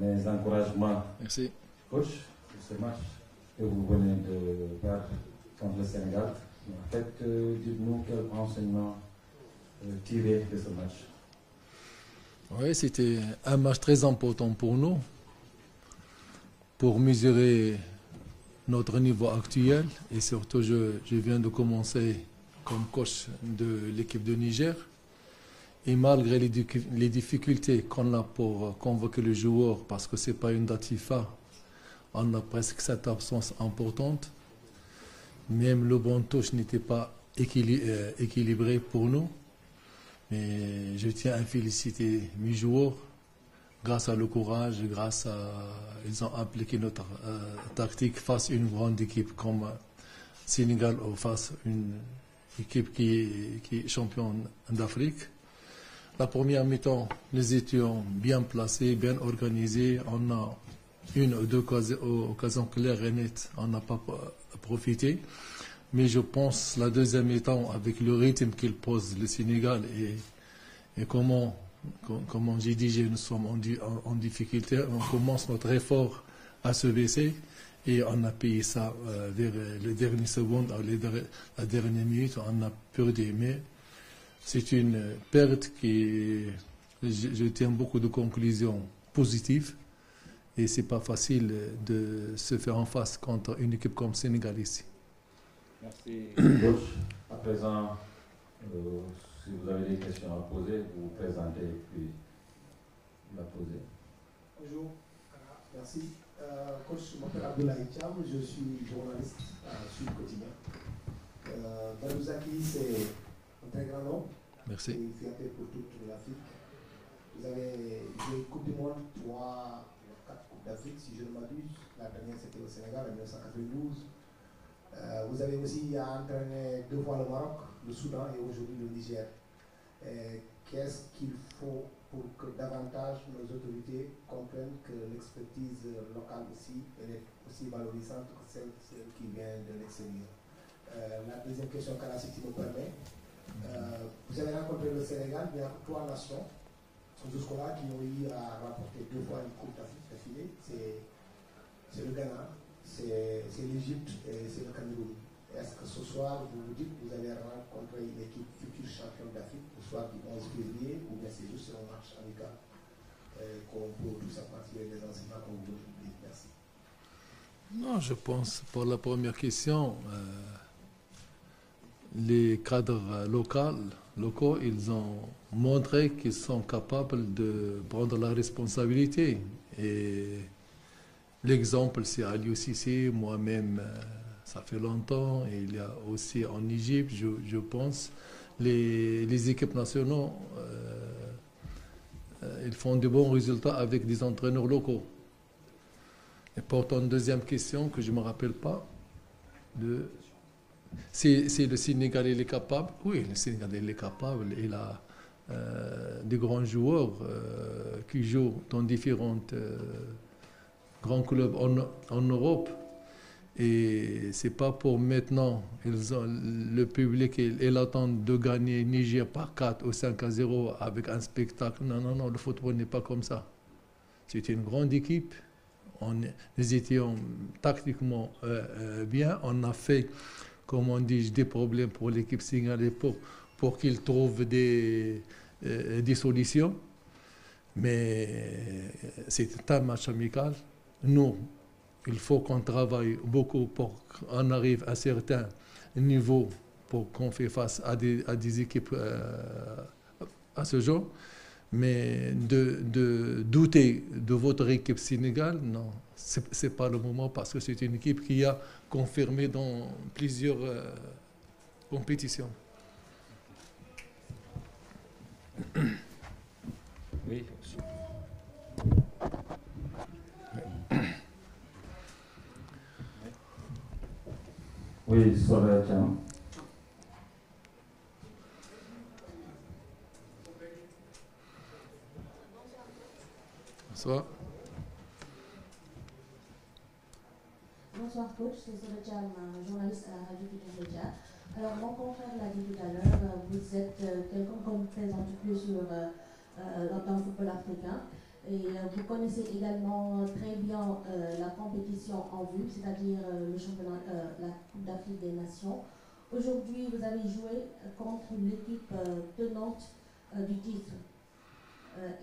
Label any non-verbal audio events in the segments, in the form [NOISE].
mes encouragements. Merci. Coach, pour ce match que vous venez de perdre contre le Sénégal. En fait, euh, dites-nous quel renseignement euh, tirer de ce match. Oui, c'était un match très important pour nous, pour mesurer notre niveau actuel. Et surtout, je viens de commencer comme coach de l'équipe de Niger. Et malgré les, difficultés qu'on a pour euh, convoquer le joueur, parce que ce n'est pas une DATIFA, on a presque cette absence importante. Même le bon touche n'était pas euh, équilibré pour nous. Mais je tiens à féliciter mes joueurs. Grâce à le courage, grâce à. Ils ont appliqué notre euh, tactique face à une grande équipe comme Sénégal ou face à une équipe qui, qui est championne d'Afrique. La première mi-temps, nous étions bien placés, bien organisés. On a une ou deux occasions claires et nettes. On n'a pas profité. Mais je pense la deuxième mi avec le rythme qu'il pose le Sénégal et, comment, j'ai dit, nous sommes en, en, difficulté. On commence notre effort à se baisser et on a payé ça euh, vers les dernières secondes, la dernière minute. On a perdu. Mais c'est une perte qui, je, tiens beaucoup de conclusions positives. Et ce n'est pas facile de se faire en face contre une équipe comme Sénégal ici. Merci, coach. À présent, euh, si vous avez des questions à poser, vous présentez et puis vous la posez. Bonjour, merci. Euh, coach, je m'appelle Abdoulaye je suis journaliste à euh, Sud Quotidien. Euh, c'est un très grand nom. Merci. Et félicité pour toute l'Afrique. Vous avez deux Coupe du Monde, trois, quatre Coupes d'Afrique, si je ne m'abuse. La dernière, c'était au Sénégal en 1992. Euh, vous avez aussi entraîné deux fois le Maroc, le Soudan et aujourd'hui le Niger. Euh, qu'est-ce qu'il faut pour que davantage nos autorités comprennent que l'expertise locale aussi est aussi valorisante que celle, qui vient de l'extérieur euh, La deuxième question, Karassi, si me permet. Euh, vous avez rencontré le Sénégal, il y a trois nations jusque-là qui ont eu à remporter deux fois une Coupe d'Afrique d'affilée. C'est le Ghana, c'est l'Égypte et c'est le Cameroun. Est-ce que ce soir, vous vous dites que vous allez rencontrer une équipe future championne d'Afrique au soir du 11 février ou bien c'est juste un match amical euh, qu'on peut tous tirer des enseignements qu'on vous Merci. Non, je pense pour la première question. Euh, les cadres locaux, locaux ils ont montré qu'ils sont capables de prendre la responsabilité. Et l'exemple, c'est à Sissi, moi-même, euh, ça fait longtemps, et il y a aussi en Égypte, je, pense, les, équipes nationales, euh, euh, ils font de bons résultats avec des entraîneurs locaux. Et pourtant, une deuxième question, que je ne me rappelle pas, de si, le Sénégal est capable, oui, le Sénégal est capable. Il a euh, des grands joueurs euh, qui jouent dans différents euh, grands clubs en, Europe. Et c'est pas pour maintenant. Ils ont, le public, il, attend de gagner Niger par 4 ou 5 à 0 avec un spectacle. Non, non, non, le football n'est pas comme ça. C'est une grande équipe. On, nous étions tactiquement bien. On a fait comme des problèmes pour l'équipe singale pour, pour qu'ils trouvent euh, des, solutions. Mais c'est un match amical. Nous, il faut qu'on travaille beaucoup pour qu'on arrive à certains niveaux pour qu'on fasse face à des, équipes euh, à ce genre. Mais de, douter de votre équipe Sénégal, non, ce n'est pas le moment parce que c'est une équipe qui a confirmé dans plusieurs euh, compétitions. [COUGHS] Oui. Oui, Bonsoir. Bonsoir coach, c'est Sorejam, journaliste à la radio du Média. Alors mon confrère l'a dit tout à l'heure, euh, vous êtes euh, quelqu'un qu'on vous présente plus sur, euh, dans le football africain. Et vous connaissez également très bien la compétition en vue, c'est-à-dire le championnat, euh, la Coupe d'Afrique des Nations. Aujourd'hui, vous avez joué contre l'équipe tenante du titre.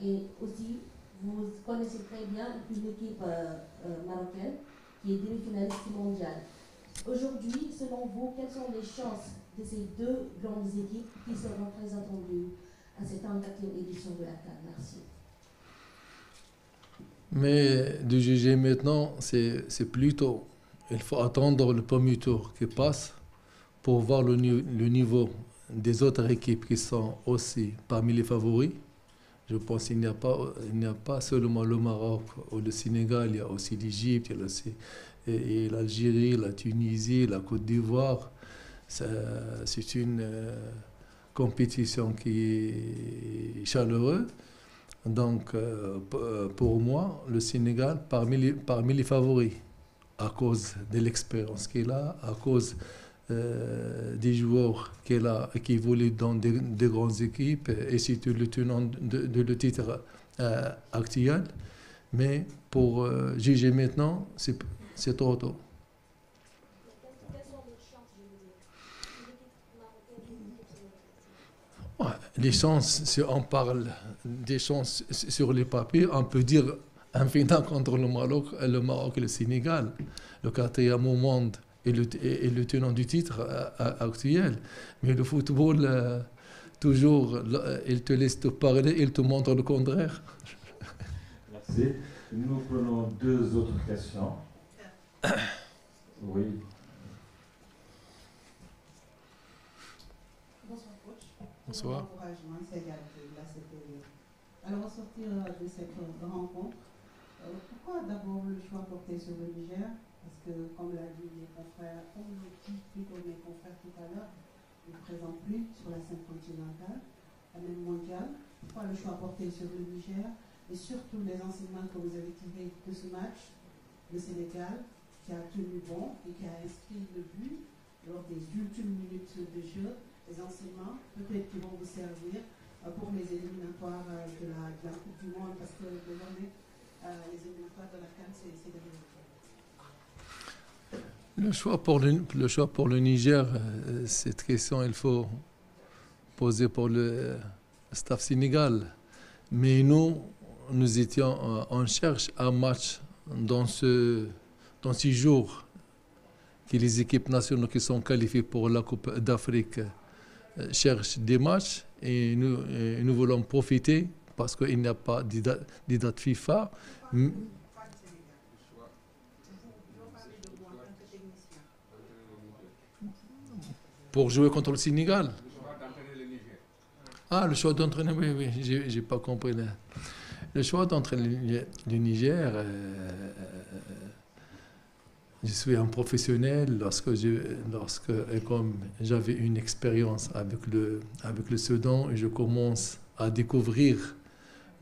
et aussi, vous connaissez très bien une équipe euh, euh, marocaine qui est demi-finaliste mondiale. Aujourd'hui, selon vous, quelles sont les chances de ces deux grandes équipes qui seront très attendues à cette quatrième e édition de la CAN Merci. Mais de juger maintenant, c'est plutôt. Il faut attendre le premier tour qui passe pour voir le niveau des autres équipes qui sont aussi parmi les favoris. Je pense qu'il n'y a, pas, il n'y a pas seulement le Maroc ou le Sénégal, il y a aussi l'Égypte, l'Algérie, la Tunisie, la Côte d'Ivoire. c'est une euh, compétition qui est chaleureuse. Donc, euh, euh, pour moi, le Sénégal, parmi parmi les favoris, à cause de l'expérience qu'il a, à cause euh, des joueurs qu'elle a, qui évoluent dans des, grandes équipes, et c'est le tenant de, le titre euh, actuel. Mais pour juger euh, maintenant, c'est trop tôt. les chances, si on parle des chances sur les papiers, on peut dire un final contre le Maroc, le Maroc et le Sénégal, le quatrième au monde et le, tenant du titre actuel. Mais le football, euh, toujours, euh, il te laisse te parler, il te montre le contraire. Merci. Nous prenons deux autres questions. Oui. Bonsoir, coach. Bonsoir. Alors, en sortir euh, de cette rencontre, pourquoi d'abord le choix porté sur le Niger parce que, comme l'a dit mes confrères, on ne quitte dit comme mes confrères tout à l'heure, ne présente plus sur la scène continentale, la même mondiale. Pourquoi le choix porté sur le Niger et surtout les enseignements que vous avez tirés de ce match, le Sénégal, qui a tenu bon et qui a inscrit le but lors des ultimes minutes de jeu, les enseignements peut-être qui vont vous servir euh, pour les éliminatoires euh, de la, Coupe du Monde, parce que désormais, euh, les éliminatoires de la CAN, c'est éliminatoires. Le choix pour le, Niger, euh, cette question, il faut poser pour le euh, staff sénégal. Mais nous, nous étions euh, en cherche un match dans, ce, dans jours que les équipes nationales qui sont qualifiées pour la Coupe d'Afrique cherchent des matchs et nous, nous voulons profiter parce qu'il n'y a pas de date FIFA. pour jouer contre le Sénégal. Le Ah, le choix d'entraîner, oui, oui, j'ai pas compris. Le choix d'entraîner le Niger, euh, euh, je suis un professionnel lorsque, je, lorsque comme j'avais une expérience avec le, avec le Soudan et je commence à découvrir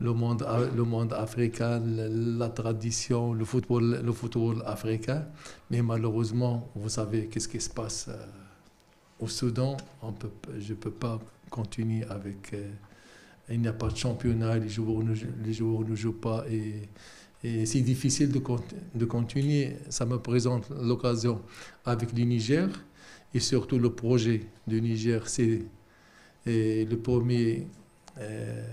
le monde, le monde africain, la tradition, le football, le football africain. Mais malheureusement, vous savez qu'est-ce qui se passe. Euh, au Soudan, je ne peux pas continuer avec. Euh, il n'y a pas de championnat, les joueurs ne, jouent pas. Et, c'est difficile de, continuer. Ça me présente l'occasion avec le Niger et surtout le projet du Niger. C'est euh, le premier euh,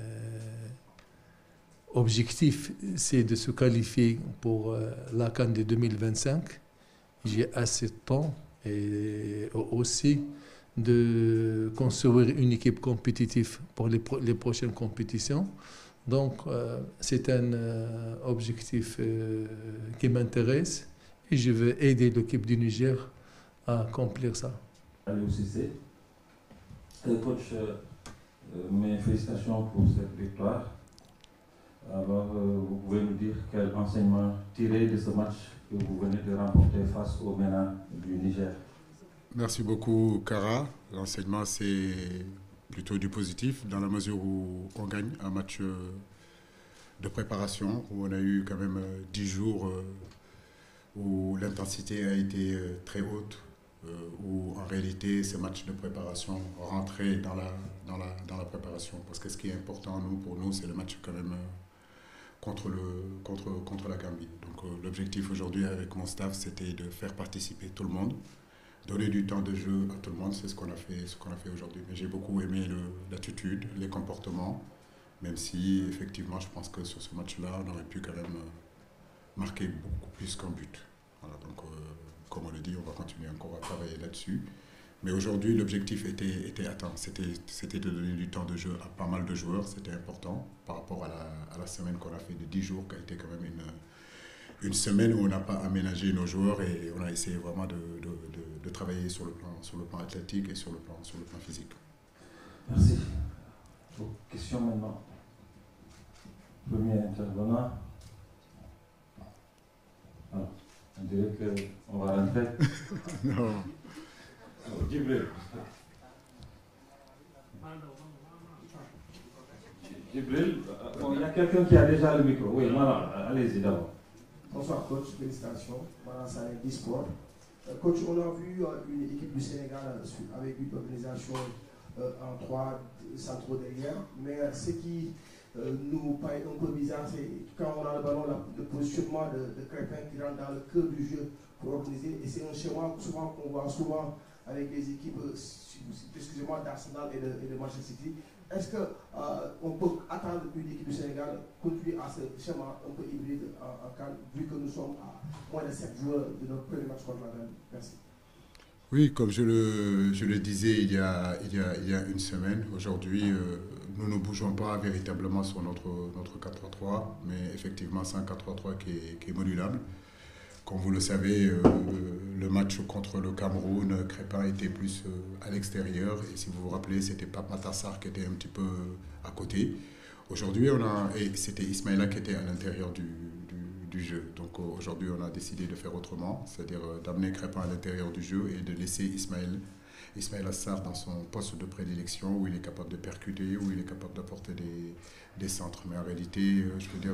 objectif, c'est de se qualifier pour la Cannes de 2025. J'ai assez de temps et aussi de construire une équipe compétitive pour les, prochaines compétitions. Donc, euh, c'est un euh, objectif euh, qui m'intéresse et je veux aider l'équipe du Niger à accomplir ça. Coach, mes félicitations pour cette victoire. Alors, vous pouvez nous dire quel enseignement tirer de ce match que vous venez de remporter face au Ménin du Niger. Merci beaucoup, Cara. L'enseignement, c'est plutôt du positif, dans la mesure où on gagne un match euh, de préparation, où on a eu quand même 10 euh, jours euh, où l'intensité a été très haute, où en réalité, ces matchs de préparation rentrait dans la, dans la, préparation. Parce que ce qui est important nous, pour nous, c'est le match quand même contre, le, contre, la Gambie. Donc euh, l'objectif aujourd'hui avec mon staff, c'était de faire participer tout le monde, donner du temps de jeu à tout le monde, c'est ce qu'on a fait, ce qu'on a fait aujourd'hui. Mais j'ai beaucoup aimé l'attitude, les comportements, même si effectivement je pense que sur ce match-là, on aurait pu quand même euh, marquer beaucoup plus qu'un but. donc euh, comme on le dit, on va continuer encore à travailler là-dessus. Mais aujourd'hui, l'objectif était, était atteint. C'était de donner du temps de jeu à pas mal de joueurs. C'était important par rapport à la, semaine qu'on a fait de 10 jours, qui a été quand même une, semaine où on n'a pas aménagé nos joueurs et, on a essayé vraiment de, travailler sur le, plan, sur le plan athlétique et sur le plan, sur le plan physique. Merci. question maintenant. Premier intervenant. Ah, on dirait qu'on va rentrer. [LAUGHS] [LAUGHS] non. Jibril il y a quelqu'un qui a déjà le micro. Oui, voilà. allez-y d'abord. Bonsoir coach, félicitations. Mara 10 Disport. Coach, on a vu euh, une équipe du Sénégal euh, avec une organisation euh, en 3 centraux derrière, mais ce qui nous paraît un peu bizarre, c'est quand on a le ballon, le positionnement de, de quelqu'un qui rentre dans le cœur du jeu pour organiser, et c'est un schéma souvent qu'on voit souvent avec les équipes, euh, excusez-moi, d'Arsenal et, de, Manchester City. Est-ce qu'on euh, peut attendre une équipe du Sénégal continuer à ce schéma un peu hybride vu que nous sommes à moins de 7 joueurs de notre premier match contre la Merci. Oui, comme je le, disais il y, a, une semaine, aujourd'hui, euh, nous ne bougeons pas véritablement sur notre, 4-3-3, mais effectivement, c'est un 4-3-3 qui est modulable. Comme vous le savez, euh, le match contre le Cameroun, Crépin était plus euh, à l'extérieur. Et si vous vous rappelez, c'était Pape Matassar qui était un petit peu euh, à côté. Aujourd'hui, on a, et c'était Ismaïla qui était à l'intérieur du, du, jeu. Donc aujourd'hui, on a décidé de faire autrement, c'est-à-dire d'amener Crépin à l'intérieur du jeu et de laisser Ismaël, Ismaël Assar dans son poste de prédilection où il est capable de percuter, où il est capable d'apporter des, des centres. Mais en réalité, euh, je veux dire,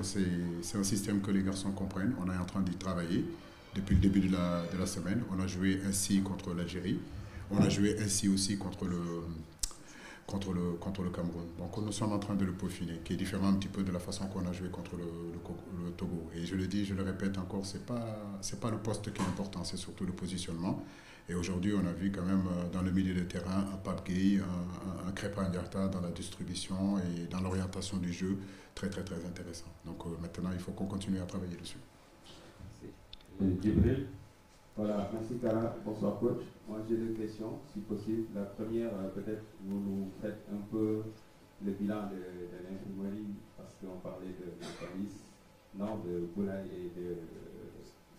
c'est un système que les garçons comprennent. On est en train d'y travailler depuis le début de la, semaine. On a joué ainsi contre l'Algérie. On a joué ainsi aussi contre le, contre, le, contre le Cameroun. Donc nous sommes en train de le peaufiner, qui est différent un petit peu de la façon qu'on a joué contre le, Togo. Et je le dis, je le répète encore, ce n'est c'est pas le poste qui est important, c'est surtout le positionnement. Et aujourd'hui, on a vu quand même euh, dans le milieu de terrain un Pape un, un, un dans la distribution et dans l'orientation du jeu, très très très intéressant. Donc euh, maintenant, il faut qu'on continue à travailler dessus. Merci. Euh, voilà, merci Tara. Bonsoir coach. Moi j'ai deux questions, si possible. La première, peut-être vous nous faites un peu le bilan de, de parce qu'on parlait de police, non, de Boulay et de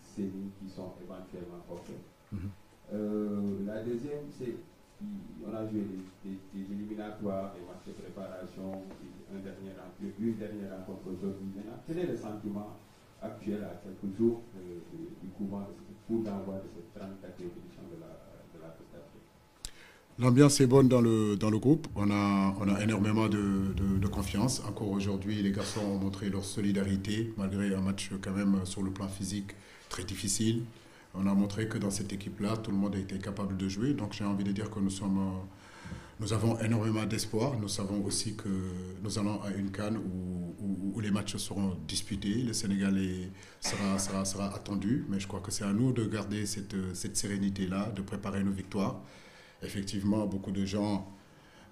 Séni qui sont éventuellement portés. Euh, la deuxième, c'est on a joué des, éliminatoires, des matchs de préparation, une dernière, une dernière rencontre aujourd'hui. Quel est le sentiment actuel à quelques jours euh, du couvent, pour l'envoi de cette 34e édition de la, de la L'ambiance est bonne dans le, dans le groupe. On a, on a énormément de, de confiance. Encore aujourd'hui, les garçons ont montré leur solidarité, malgré un match quand même sur le plan physique très difficile on a montré que dans cette équipe-là, tout le monde a été capable de jouer. Donc j'ai envie de dire que nous sommes, euh, nous avons énormément d'espoir. Nous savons aussi que nous allons à une canne où, les matchs seront disputés. Le Sénégal sera, sera, sera attendu. Mais je crois que c'est à nous de garder cette, cette sérénité-là, de préparer nos victoires. Effectivement, beaucoup de gens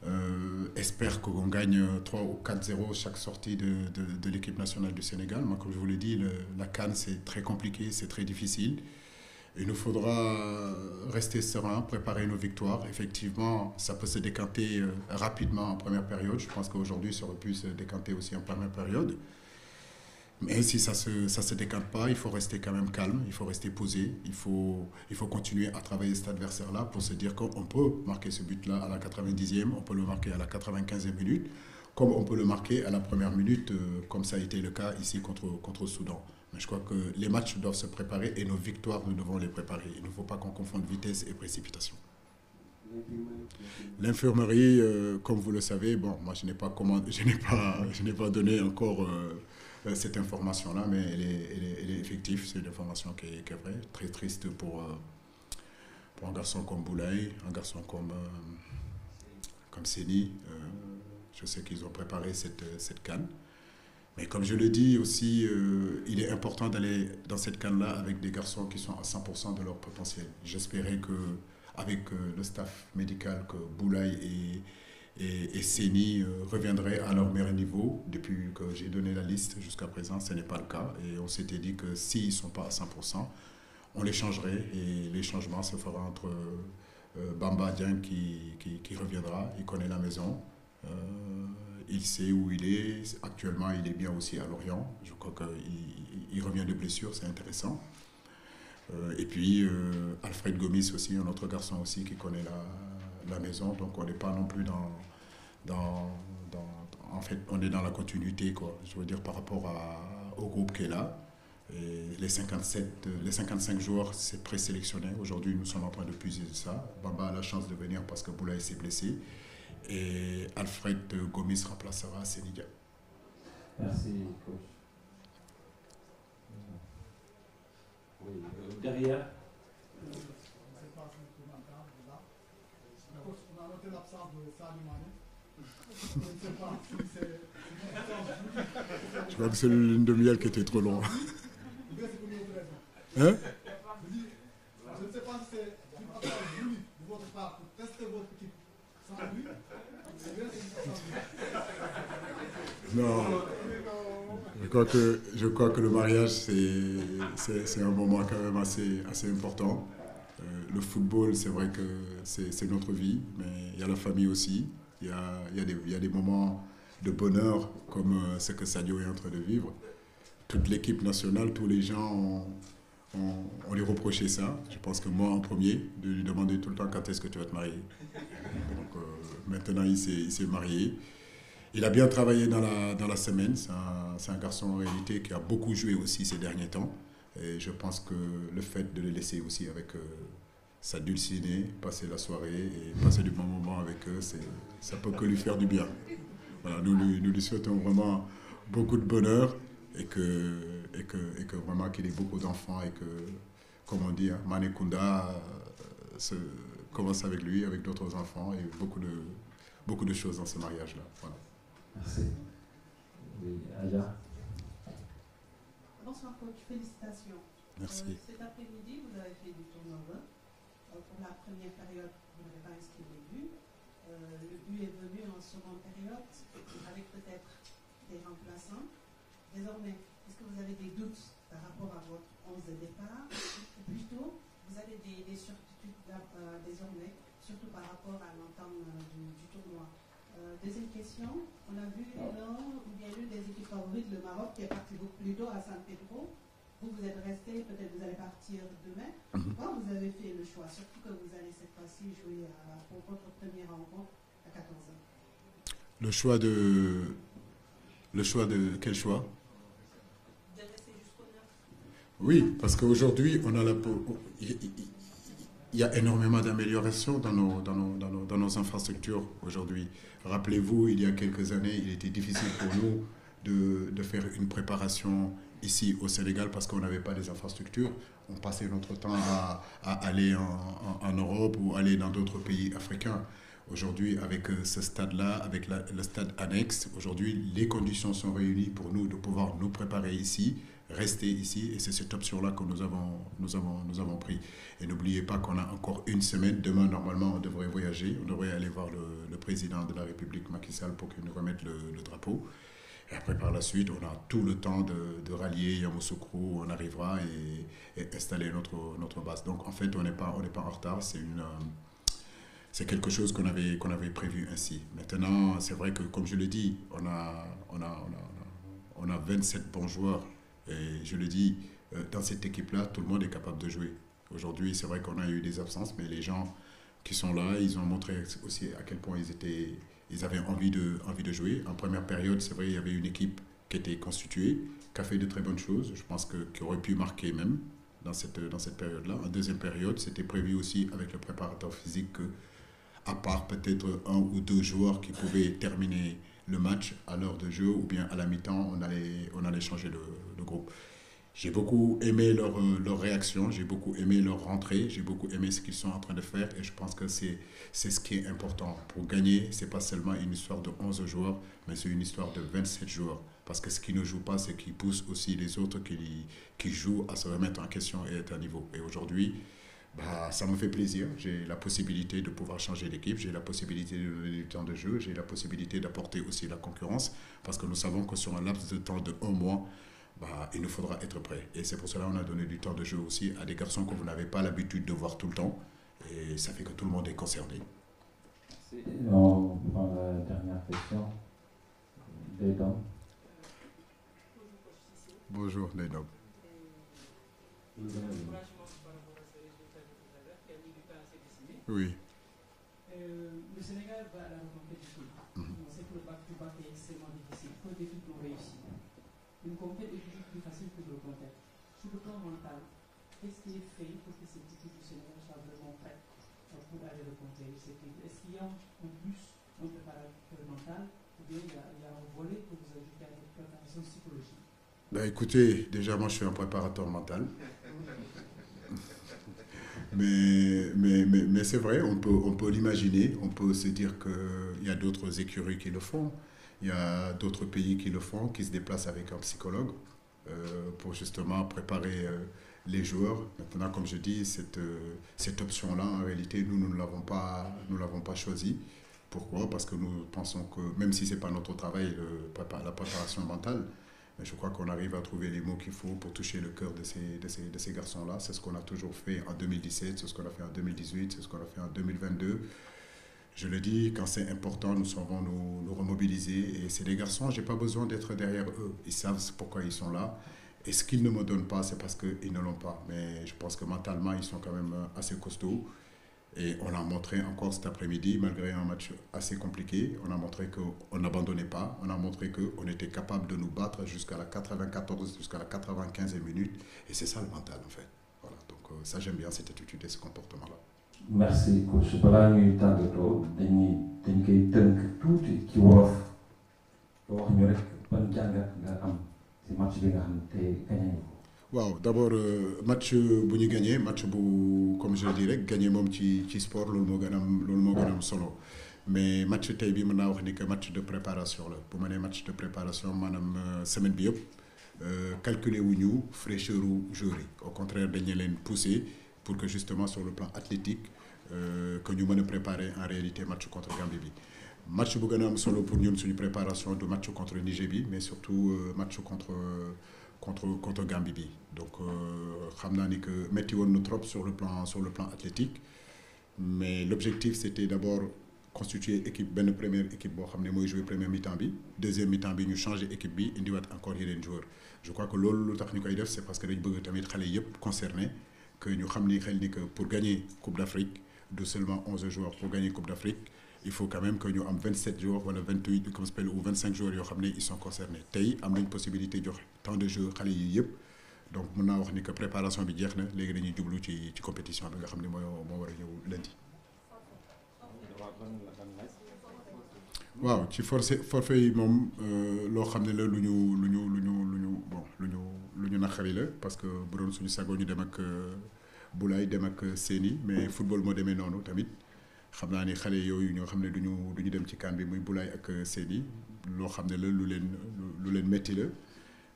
euh, espèrent qu'on gagne 3 ou 4-0 chaque sortie de, de, l'équipe nationale du Sénégal. Moi, comme je vous l'ai dit, la canne, c'est très compliqué, c'est très difficile. Il nous faudra rester serein, préparer nos victoires. Effectivement, ça peut se décanter euh, rapidement en première période. Je pense qu'aujourd'hui, ça aurait pu se décanter aussi en première période. Mais si ça ne se, ça se décante pas, il faut rester quand même calme, il faut rester posé, il faut, il faut continuer à travailler cet adversaire-là pour se dire qu'on peut marquer ce but-là à la 90e, on peut le marquer à la 95e minute, comme on peut le marquer à la première minute, euh, comme ça a été le cas ici contre, contre Soudan. Mais je crois que les matchs doivent se préparer et nos victoires, nous devons les préparer. Il ne faut pas qu'on confonde vitesse et précipitation. L'infirmerie, euh, comme vous le savez, bon, moi je n'ai pas, [LAUGHS] je pas, pas donné encore euh, euh, cette information-là, mais elle est, effective. C'est une information qui est, vraie. Très triste pour, un garçon comme Boulaye, un garçon comme, comme Séni. je sais qu'ils ont préparé cette canne. Mais comme je le dis aussi, euh, il est important d'aller dans cette canne-là avec des garçons qui sont à 100% de leur potentiel. J'espérais que avec euh, le staff médical que Boulay et, et, euh, reviendraient à leur meilleur niveau. Depuis que j'ai donné la liste jusqu'à présent, ce n'est pas le cas. Et on s'était dit que s'ils ne sont pas à 100%, on les changerait. Et les changements se feront entre Bamba Dieng qui, reviendra, il connaît la maison il sait où il est. Actuellement, il est bien aussi à Lorient. Je crois qu'il revient de blessure, c'est intéressant. Euh, et puis, euh, Alfred Gomis aussi, un autre garçon aussi qui connaît la, maison. Donc, on n'est pas non plus dans, En fait, on est dans la continuité, Je veux dire, par rapport au groupe qui est là. les, 55 joueurs, c'est présélectionné. Aujourd'hui, nous sommes en train de puiser ça. Bamba a la chance de venir parce que Boulaye s'est blessé et Alfred Gomis remplacera Sénégal. Merci, coach. Oui, euh, derrière. On de Je crois que c'est une demi-heure miel qui était trop long. Hein? Je ne sais pas si c'est une votre part pour tester votre non. Je crois que, je crois que le mariage, c'est un moment quand même assez, important. Euh, le football, c'est vrai que c'est notre vie, mais il y a la famille aussi. Il y a, des, moments de bonheur comme euh, ce que Sadio est en train de vivre. Toute l'équipe nationale, tous les gens ont, lui reproché ça. Je pense que moi en premier, de lui demander tout le temps quand est-ce que tu vas te marier. Maintenant, il s'est marié. Il a bien travaillé dans la, dans la semaine. C'est un, un, garçon en réalité qui a beaucoup joué aussi ces derniers temps. Et je pense que le fait de le laisser aussi avec euh, sa dulcinée, passer la soirée et passer du bon moment avec eux, ça peut que lui faire du bien. Voilà, nous, lui, nous lui souhaitons vraiment beaucoup de bonheur et que, et que, et que vraiment qu'il ait beaucoup d'enfants et que, comment dire, hein, Manekunda euh, se, commence avec lui, avec d'autres enfants et beaucoup de, beaucoup de choses dans ce mariage-là. Voilà. Merci. Oui, Bonsoir, coach. Félicitations. Merci. Euh, cet après-midi, vous avez fait du tournoi euh, pour la première période, vous n'avez pas inscrit le but. Euh, le but est venu en seconde période avec peut-être des remplaçants. Désormais, est-ce que vous avez des doutes par rapport à votre 11 de départ Ou plutôt, vous avez des certitudes désormais surtout par rapport à l'entente euh, du, tournoi. Euh, deuxième question, on a vu non ou bien eu des équipes favorites, le Maroc, qui est parti beaucoup plus tôt à San Pedro. Vous, vous êtes resté, peut-être vous allez partir demain. Mhm. Pourquoi vous avez fait le choix, surtout que vous allez cette fois-ci jouer à, euh, pour votre première rencontre à 14 ans Le choix de... Le choix de... Quel choix jusqu'au 9. Oui, parce qu'aujourd'hui, on a la il y a énormément d'améliorations dans nos, dans, nos, dans, nos, infrastructures aujourd'hui. Rappelez-vous, il y a quelques années, il était difficile pour nous de, de faire une préparation ici au Sénégal parce qu'on n'avait pas les infrastructures. On passait notre temps à, aller en, en, Europe ou aller dans d'autres pays africains. Aujourd'hui, avec euh, ce stade-là, avec le stade annexe, aujourd'hui, les conditions sont réunies pour nous de pouvoir nous préparer ici, rester ici. Et c'est cette option-là que nous avons, nous, avons, nous avons pris. Et n'oubliez pas qu'on a encore une semaine. Demain, normalement, on devrait voyager. On devrait aller voir le, président de la République, Macky Sall, pour qu'il nous remette le, drapeau. Et après, par la suite, on a tout le temps de, de rallier Yamoussoukro, on arrivera et, installer notre, notre base. Donc, en fait, on n'est pas, pas en retard. C'est une euh, c'est quelque chose qu'on avait, qu'on avait prévu ainsi. Maintenant, c'est vrai que, comme je le dis, on a, on a, on a, on a 27 bons joueurs. Et je le dis, euh, dans cette équipe-là, tout le monde est capable de jouer. Aujourd'hui, c'est vrai qu'on a eu des absences, mais les gens qui sont là, ils ont montré aussi à quel point ils, étaient, ils avaient envie de, envie de jouer. En première période, c'est vrai, il y avait une équipe qui était constituée, qui a fait de très bonnes choses, je pense que, qui aurait pu marquer même dans cette, dans cette période-là. En deuxième période, c'était prévu aussi avec le préparateur physique que, à part peut-être un ou deux joueurs qui pouvaient terminer le match à l'heure de jeu ou bien à la mi-temps, on allait, on allait changer de, groupe. J'ai beaucoup aimé leur, leur réaction, j'ai beaucoup aimé leur rentrée, j'ai beaucoup aimé ce qu'ils sont en train de faire et je pense que c'est ce qui est important. Pour gagner, ce n'est pas seulement une histoire de 11 joueurs, mais c'est une histoire de 27 joueurs. Parce que ce qui ne joue pas, c'est qu'ils pousse aussi les autres qui, qui jouent à se remettre en question et être à niveau. Et aujourd'hui, bah, ça me fait plaisir. J'ai la possibilité de pouvoir changer d'équipe, j'ai la possibilité de donner du temps de jeu, j'ai la possibilité d'apporter aussi la concurrence, parce que nous savons que sur un laps de temps de un mois, bah, il nous faudra être prêt. Et c'est pour cela qu'on a donné du temps de jeu aussi à des garçons que vous n'avez pas l'habitude de voir tout le temps. Et ça fait que tout le monde est concerné. On prend la dernière question. Bonjour, Bonjour. Oui. Euh, le Sénégal va à la rencontre du Chili. Mhm. On sait que le bac du bac est extrêmement difficile. Peu d'équipes l'ont réussi. Une compétition est plus facile que le contact. Sur le plan mental, qu'est-ce qui est fait pour que cette équipe du Sénégal soit vraiment prête pour aller le contact Est-ce qu'il y a en plus un préparateur mental ou bien il y, a, un volet pour vous ajoutez à la préparation psychologique ben Écoutez, déjà moi je suis un préparateur mental. [LAUGHS] Mais, mais, mais, c'est vrai, on peut, on peut l'imaginer, on peut se dire qu'il y a d'autres écuries qui le font, il y a d'autres pays qui le font, qui se déplacent avec un psychologue euh, pour justement préparer euh, les joueurs. Maintenant, comme je dis, cette, euh, cette option-là, en réalité, nous, nous ne l'avons pas, pas choisie. Pourquoi Parce que nous pensons que, même si ce n'est pas notre travail, la préparation mentale, mais je crois qu'on arrive à trouver les mots qu'il faut pour toucher le cœur de ces, de ces, de ces garçons-là. C'est ce qu'on a toujours fait en 2017, c'est ce qu'on a fait en 2018, c'est ce qu'on a fait en 2022. Je le dis, quand c'est important, nous savons nous, nous remobiliser. Et c'est des garçons, je n'ai pas besoin d'être derrière eux. Ils savent pourquoi ils sont là. Et ce qu'ils ne me donnent pas, c'est parce qu'ils ne l'ont pas. Mais je pense que mentalement, ils sont quand même euh, assez costauds. Et on a montré encore cet après-midi, malgré un match assez compliqué, on a montré qu'on n'abandonnait pas, on a montré qu'on était capable de nous battre jusqu'à la 94, jusqu'à la 95e minute. Et c'est ça le mental, en fait. Voilà, donc euh, ça, j'aime bien cette attitude et ce comportement-là. merci Wow, d'abord euh, match nous avons gagné match bu comme je dirais gagner gagné petit ci sport loolu moo gën a solo mais match de bi pour qu'un match de préparation là. Pour mener match de préparation euh, semaine bi calculer où nous, fraîcheur ou jury. au contraire Daniel leen pousser pour que justement sur le plan athlétique euh, que nous puissions préparer en réalité match contre Gambie match bu solo pour ñun suñu préparation de match contre le mais surtout match contre contre contre Gambie donc euh, xam naa ni que métti sur le plan sur le plan athlétique mais l'objectif c'était d'abord constituer équipe une première équipe bon xam le jouer première mi-temps bi deuxième mi-temps bi ñu changer équipe bi doit encore un joueur je crois que le tax c'est parce que dañu bëgg tamit concernés yépp concerné que nous avons que pour gagner la Coupe d'Afrique de seulement 11 joueurs pour gagner la Coupe d'Afrique il faut quand même que ñu am 27 jours wala 28 comme s'appelle ou 25 jours yoo xam ils sont concernés tey am nañ possibilité jox temps de jeu xale donc mën naa wax ni que préparation bi jeex na dañuy jublu ci compétition bi nga xam ne mooy moo war lundi. waaw ci forfait forfait yi moom euh, loo xam ne la lu ñu lu ñu bon lu ñu lu ñu naqari la parce que bu doon suñu sagoo ñu dem ak euh, Boulaye dem ak Séni mais football moo demee noonu tamit xam naa ni xale yooyu ñoo xam ne duñu duñu dem ci kan bi muy Boulaye ak euh, Seydi loo xam ne la lu leen lu leen metti la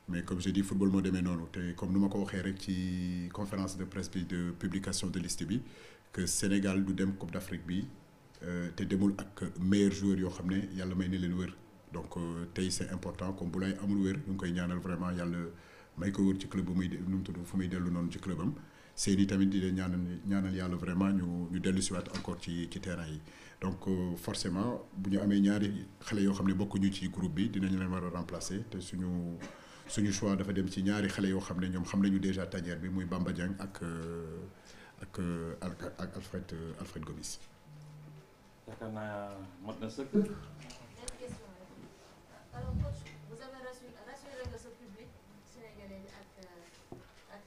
mais comme je dis football moo demee noonu te comme nu ma ko waxee rek ci conférence de presse bi de publication de liste bi que Sénégal du dem Coupe d'Afrique bi euh, te demul ak meilleur joueurs yoo xam ne yàlla may ne leen wér donc euh, tey c'est important comme Boulaye amul wér ñu ngi koy ñaanal vraiment yàlla may ko wér ci club bu muy nu mu tudd fu muy dellu noonu ci clubam c'est Seydi tamit di ñaanal ñaanal yalla vraiment ñu ñu dellu ci wat encore ci ci terrain yi donc euh, forcément bu ñu amé ñaari xalé yo xamné bokku ñu ci groupe bi dinañ leen wara remplacer té suñu suñu choix dafa dem ci ñaari xalé yo xamné ñom ñoom xam nañu déjà tanière bi muy Bamba Dieng ak euh, ak euh, ak Alfred Alfred Gomis. yaakaar naa mot na sëkk. alors coach vous avez rassuré le public sénégalais ak ak.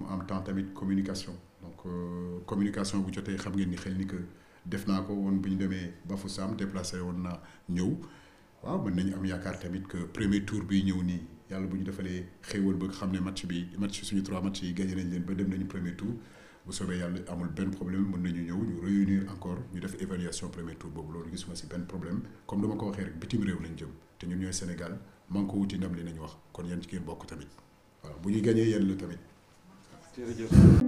mu am temps tamit communication donc euh, communication bu jotee xam ngeen ni xel ni que def naa ko woon bi ñu demee Bafoussam déplacé woon naa ñëw waaw mën nañu am yaakaar tamit que premier tour bi ñëw nii yàlla bu ñu defalee xéewal ba xam ne match bi match suñu trois match yi gagné nañ leen ba dem nañu premier tour bu soobee yàlla amul benn problème mën nañu ñëw ñu réunir encore ñu def évaluation premier tour boobu loolu gisuma si benn problème comme dama ko waxee rek bitim réew lañ jëm te ñun ñooy Sénégal man wuti ndam li nañ wax kon yéen ci ngeen bokk tamit waaw bu ñuy gagné yéen la tamit. Teve Deus.